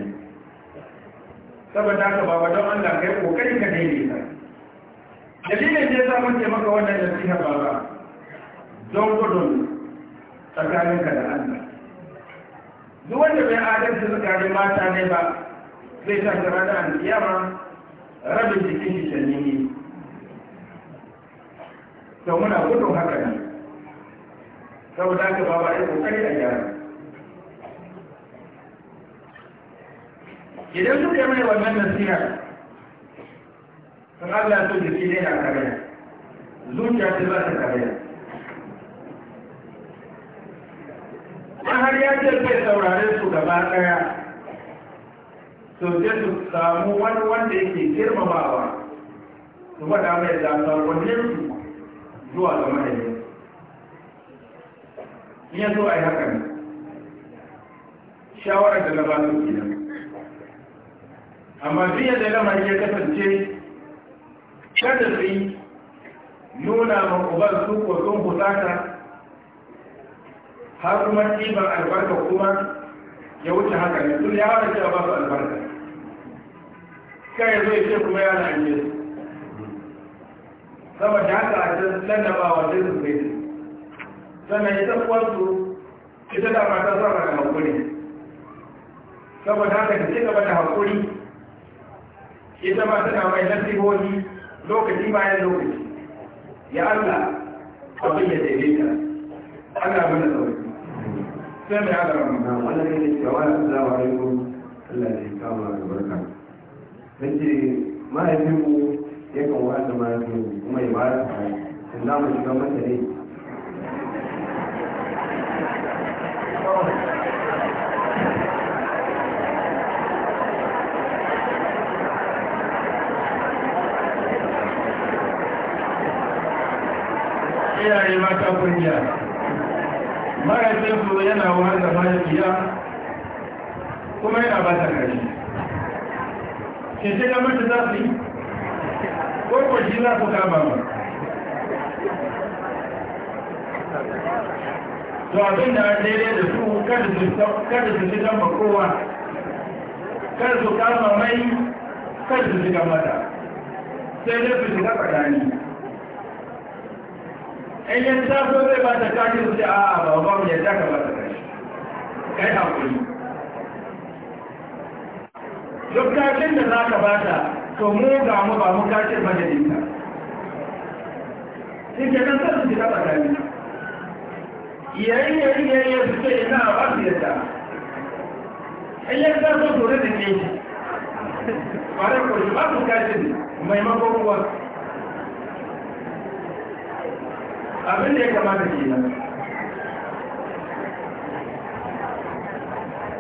saboda haka ba don Allah kai kokari ka daidaita dalilin da ya sa mun maka wannan da nasiha ba ba don gudun tsakaninka da Allah duk wanda bai adalci tsakanin mata ne ba zai ta ranar alkiyama rabin jikin shi shannini to muna gudun haka ne saboda haka ba ba yi kokari a gyara idan suka yi mai wannan nasiha sun Allah su jiki ne na karaya zuciya ce za ta karaya ta har ya ce zai saurare su gaba ɗaya to sai su samu wani wanda yake girmamawa su faɗa mai zamannin su zuwa ga mahaifin in yanzu a yi haka ne shawarar da na ba su nan amma duk yadda gama ya kasance kada su yi nuna ma ubar su ko sun husata har kuma ɗiban albarka kuma ya wuce haka ne sun yawon cewa ba su albarka kai zai ce kuma yana ajiyar saboda haka a can lallaba wa zai zuwa ne sannan ita kwanto ita da mata sama da haƙuri saboda haka da gaba da haƙuri ita ma tana mai nasihohi lokaci bayan lokaci ya Allah abin ya daidaita Allah mana sauri sai mai haka ramu wani ne cewa yi alaikum Allah ya kama da barka nake mahaifinku yakan wa'anda ma ya kuma ya ba da in za mu shiga mata ne iyaye mata kungiya mahaifinsu yana wahar da mahaifiya kuma yana ba ta kashi ke ce ga za su yi ko ko shi za su kama mu to abin da daidai da su kada su fi ma kowa kada su kama mai kada su shiga mata sai dai su shiga tsakani in yin taso zai ba ta kashi su ce a ba ba mu yadda ka ba ta kashi kai hakuri duk kashin da za ka ba ta to mu ga mu ba mu kashe majalinka in ke nan sai ki ji kasa gani yayin yayin yayin su ce ina ba su yadda in ya ta so tore da ke shi fara ko ba su kashe ne ko ruwa abin da ya kamata ke nan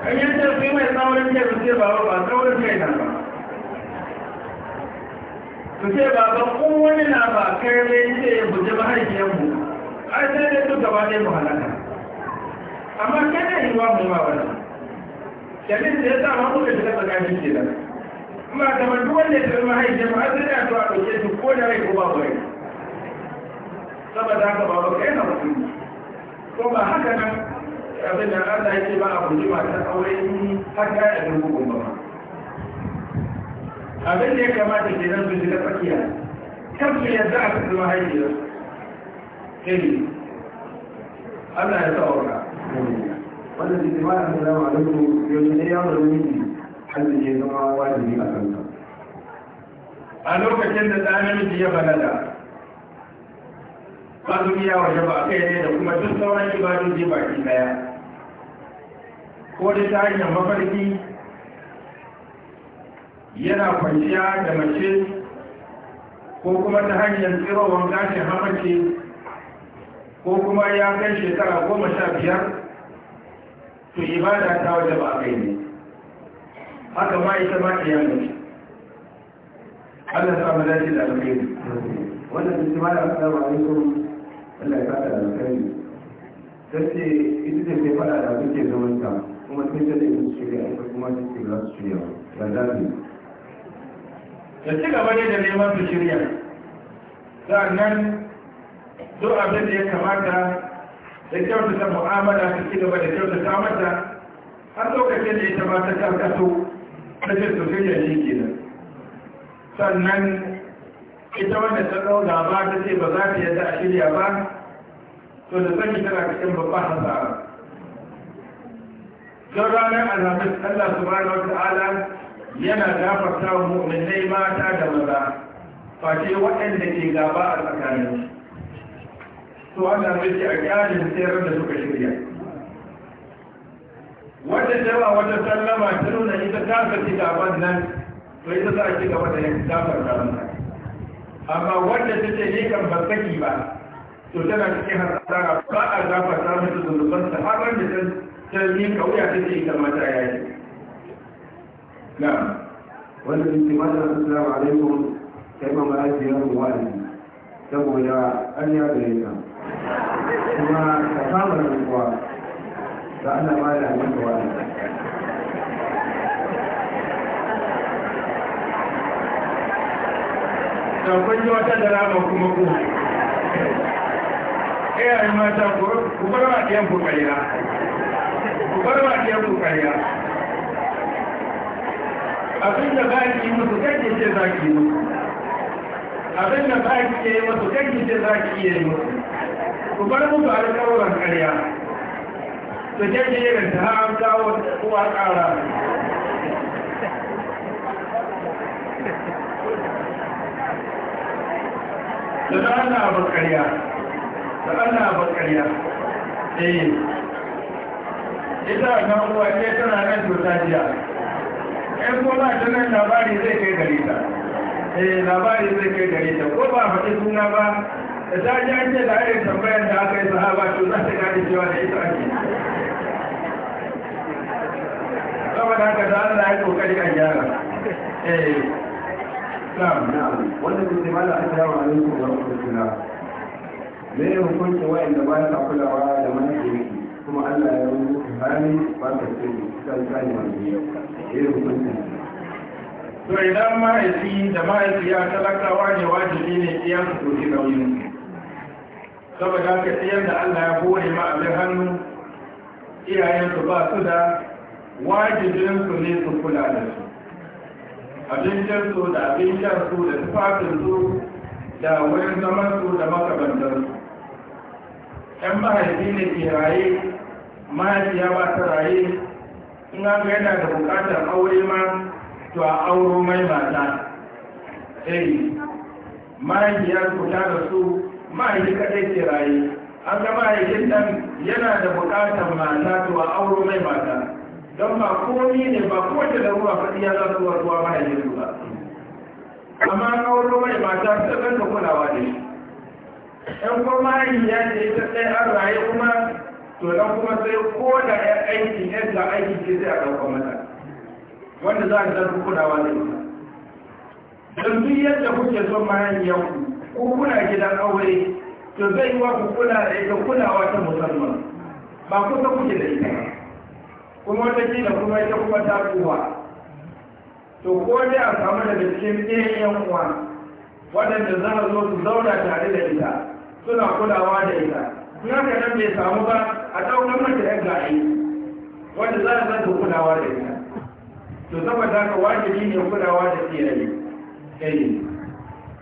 an yi tafi mai tsawon ke ba ba tsawon kai nan ba ku ce ba ba kun wani na ba kai ne ce ya buji a ai sai dai duk gaba ne mu halaka amma kai ne yiwa mu ma wani kemin da ya sa ma ta shiga tsakanin ke nan kuma kamar duk wanda ya tafi mahaifiyar ma sai da to a ɗauke shi ko da rai ko ba rai saboda haka ba ba kai na mutum ko ba haka nan abin da Allah ya ce ba a buji ta aure har ta yi a dubu ba abin da ya kamata ke nan su shiga tsakiya kan su yadda a cikin mahaifiyar ilmi Allah ya tsawara wanda ke cewa a cikin zama alaikum yau ne ya wani miji hannun ya zama wajibi a kanta a lokacin da ɗan namiji ya balaga su ya waje ba kai ne da kuma duk sauran ibadoji baki daya ko da ta hanyar mafarki yana kwanciya da mace ko kuma ta hanyar tsirowar gashin hamace ko kuma ya kai shekara goma sha biyar to ibada ta waje ba kai ne haka ma ita ma iya yanzu Allah samu dace da alkhairi wannan da ma da assalamu kuma Allah ya kata da alkhairi sai ce ita ce mai fada da kuke zaman ta kuma sai ta da su shirya kuma ta ce za su shirya da zafi da ci gaba ne da neman su shirya sa'annan zo abin da ya kamata da kyautata mu'amala ta ci gaba da kyautata mata har lokacin da ta ba ta karkato ta ce su shirya shi nan. sannan ita wanda ta da ba ta ce ba za ta yadda a shirya ba to da sani tana cikin babban hasara don ranar alhamis allah subhanahu wa ta'ala yana gafarta wa mu'minai mata da maza face waɗanda ke gaba a tsakanin su to ana miki a ƙarin sayar da suka shirya wata jawa wata sallama ta nuna ita ta ci gaban nan to ita za a ci gaba da gafarta mata amma wanda ta ce ne kan ba saki ba to tana cikin hasara ba a gafarta mutu zunubansa har wanda ta ta ne kauya ta ce ita mata ya yi na'am wanda yake mata assalamu alaikum sai ma marajiyar wani saboda an ya ta kuma ta kama rantsuwa da Allah ma da mata yi wata da rama kuma ku eh, iyayen mata ku bar ma ɗiyan ku ƙarya ku bar ma ɗiyan ku ƙarya abin da ba ki musu kake ce za ki musu abin da ba ki yi musu kake ce za ki iya yi musu ku bar musu alƙawuran ƙarya su kake irin ta an kawo uwa ƙara da ta ana abin ƙarya da ana abin ƙarya eh ita ga uwa ce tana nan tuta jiya ‘yan kuma ta nan labari zai kai gare ta eh labari zai kai gare ta ko ba faɗi suna ba da ta ji an ce da irin tambayar da aka yi sahaba to za ta gane cewa da ita ake saboda haka da Allah ya kokari a gyara eh na'am na'am wannan ne mallam da wani wa rahmatullah me hukuncin wa'anda ba ya sa kulawa da jini. kuma Allah ya yi muku hali ba ka ce kan kan wani irin eh, mutum to idan ma'aiki da ma'aikiya talakawa ne wajibi ne iya su ɗauki nauyin saboda ka iyan da Allah ya bore ma abin hannu iyayensu ba su da wajibinsu ne su kula da su abincinsu da abincinsu da tufafinsu da wurin zamansu da su ‘yan mahaifi ne ke raye mahaifiya ba ta raye in an ga yana da bukatar aure ma to a auro mai mata eh mahaifiya ku ta da su mahaifi kadai ke raye an ga mahaifin nan yana da bukatar mata to a auro mai mata don ba komi ne ba ko ta da ruwa faɗi ya za su wasuwa mahaifin su ba amma an auro mai mata ta ɗan da kulawa ne ɗan kuma mahaifiya ce ta tsaye an raye kuma to nan kuma sai ko da ya aiki yadda aiki ke zai a ɗauka mata wanda za a zarfi ku da ita don duk yadda kuke son mayan yau ko kuna gidan aure to zai yi wa ku kula da ita kulawa ta musamman ba kusa kuke da ita kuma wata kila kuma ita kuma ta kuwa to ko dai a samu daga cikin ɗayan yan uwa waɗanda za a zo su zauna tare da ita suna kulawa da ita in haka nan bai samu ba a ɗaukar mata ya gaye wanda za a zanta kulawa da ita to saboda ka wajibi ne kulawa da iyaye ɗaya eh,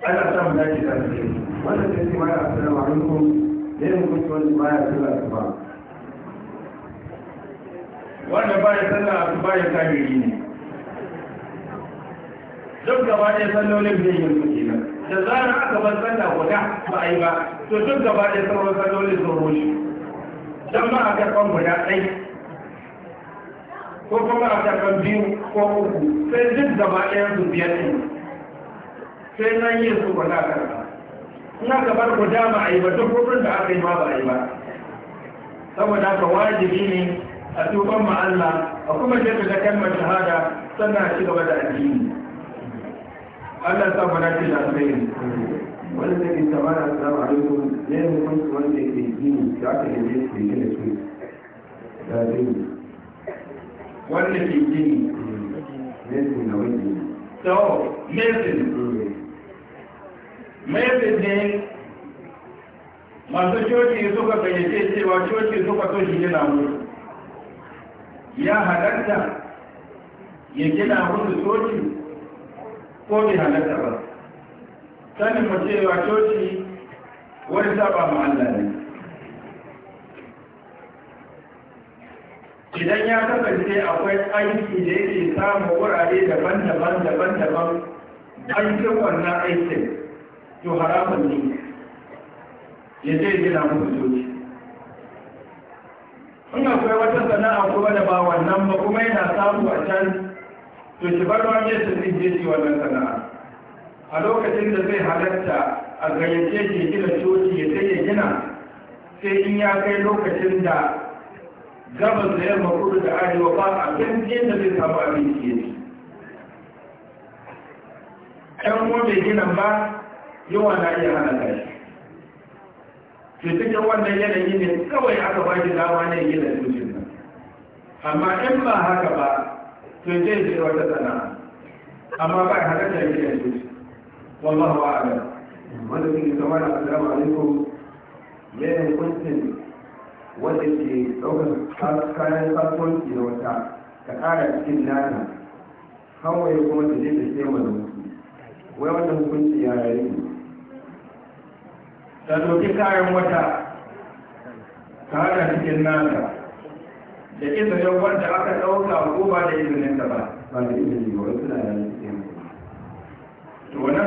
ana samun dace da su wanda ta ce mara assalamu alaikum da yin kunci wanda baya sallah su ba wanda ya sallah su baya kamiri ne duk gaba ɗaya sallolin bai yin su kenan da zarar aka bar sallah guda ba a yi ba to duk gaba ɗaya sauran salloli sun roshi don ba a karɓar guda ɗai ko kuma a karɓar biyu ko uku sai duk gaba ɗaya su biyar ne sai nan yin su ba na karɓa ina gabar guda ba a yi ba duk hudun da aka yi ma ba a yi ba saboda ka wajibi ne a tuban ma Allah a kuma ka kan kalmar shahada sannan a ci gaba da addini Allah ya sa mu dace da alheri da wanda take tsamana assalamu alaikum ne hukunci wanda ke gini da aka yaje su yi da su da gini da ke gini ne su na wani so mesin mm. mesin ne masu coci suka bayyace cewa coci suka so shi gina musu ya halatta ya gina musu coci ko bai halatta ba sani mu cewa coci wani saba ma Allah ne idan ya kasance akwai aiki da yake samu wurare daban-daban daban-daban an aikin wannan aikin to haramun ne ya zai gina musu coci in akwai wata sana'a kuma da ba wannan ba kuma yana samu a can to shi bar wani ya sun je wannan sana'a a lokacin da zai halatta a gayyace shi gina coci ya sai ya gina sai in ya kai lokacin da gabas da yamma kudu da arewa ba a kan da zai samu abinci ya ce ɗan wanda gina ba yawa na iya hana shi ke cikin wannan yanayi ne kawai aka ba shi dama ne gina cocin nan amma in ba haka ba to zai zai wata sana'a amma ba halatta ya gina coci wallahu a'lam wanda suke zama da assalamu alaikum yanayin hukuncin wanda ke ɗaukar kayan kasuwanci da wata ka ƙara cikin nata hawaye kuma ta ta sai mana wai wannan hukunci ya rayu da ɗauki kayan wata cikin da wanda aka ɗauka ko ba da izinin ta ba ba da izinin ba wasu na yanzu to idan ya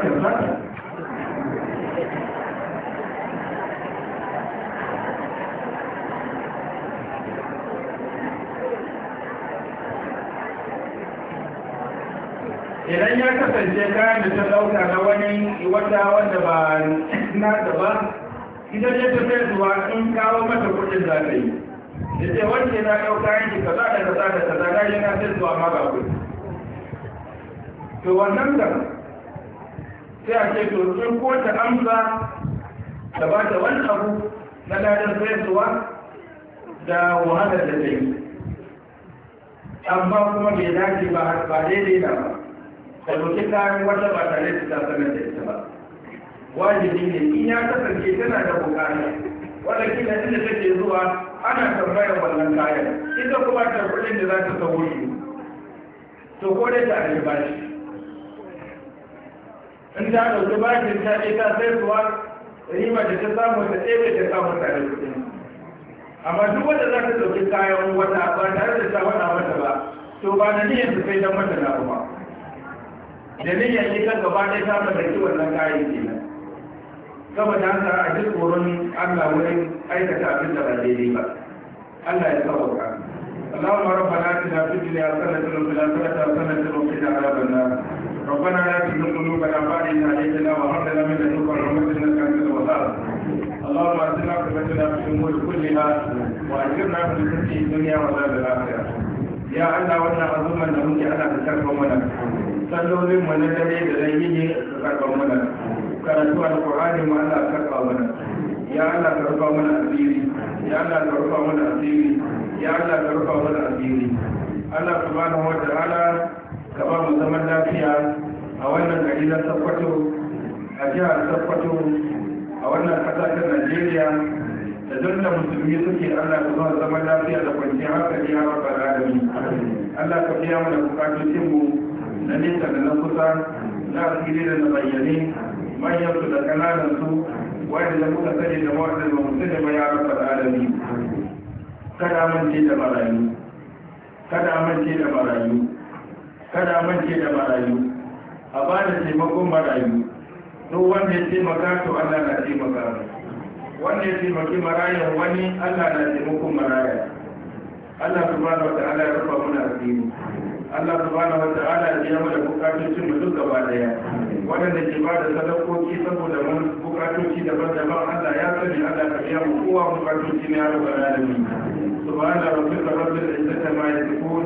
kasance kayan da ta dauka na wani wata wanda ba na da ba ita ce ta zuwa in kawo mata kudin za ta yi da ce wanda na kawo kayan ki kaza da kaza da kaza da yana sai zuwa ma ba kudi to wannan da sai a ce to in ko ta amsa da ba ta wani abu na ladar sayarwa da wahalar da ta yi amma kuma mai dace ba ba daidai da ba da doki kayan wata ba tare da ta sanar da ita ba wajibi ne in ya kasance tana da bukata wanda kila inda take zuwa ana tambayar wannan kayan ita kuma ta kudin da za ta sauko shi to ko dai ta shi. in ta ɗauki bashin ta ce ta sai kuwa rima da ta samu ta da ta samu tare kuɗi amma duk wanda za ta ɗauki kayan wata ba tare da ta wata mata ba to ba da niyyar su kai don mata na kuma da niyyar kan gaba ɗaya ta ki wannan kayan Kama ta haka a duk wurin Allah wurin aikata abin da ba daidai ba Allah ya sauka اللهم ربنا اتنا في الدنيا حسنه وفي الاخره حسنه وقنا عذاب النار ربنا لا تزغ قلوبنا بعد إذ هديتنا وهب لنا من لدنك رحمة إنك أنت الوهاب اللهم أرسلنا رحمتنا في الأمور كلها وأجرنا من خزي الدنيا وعذاب الآخرة يا الله وانا عظوما da muke ana da karfa mana sallolin mu na dare da rayi ne ka karfa mana karatu alqur'ani mu Allah ka mana ya Allah ka rufa mana asiri ya Allah ka rufa mana asiri ya Allah ka rufa mana asiri Allah subhanahu wa ta'ala ka ba mu zaman lafiya a wannan gari na sabbato a jihar sabbato a wannan ƙasa ta najeriya da dukkan musulmi suke allah ka zama zaman lafiya da kwanciyar hankali ya rabar alami allah ka biya mu da mu na nesa da na kusa na asiri da na bayyane manyan su da kananan su wanda muka sani da mawadda ba mutu da ya rabar alami kada amince da marayu kada amince da marayu kada manke da marayu a ba da taimakon marayu to wanda ya taimaka to Allah na taimaka wanda ya taimaki marayan wani Allah na taimakon maraya Allah subhanahu wata'ala ya rufa muna asiri Allah subhanahu wata'ala ya biya mana bukatoci mu duk gaba daya wadanda ke ba da sadakoki saboda mun bukatoci daban-daban Allah ya sani Allah ka biya mu kowa bukatoci ne ya rufa da alamin subhanahu wa da ita ta ma yasifun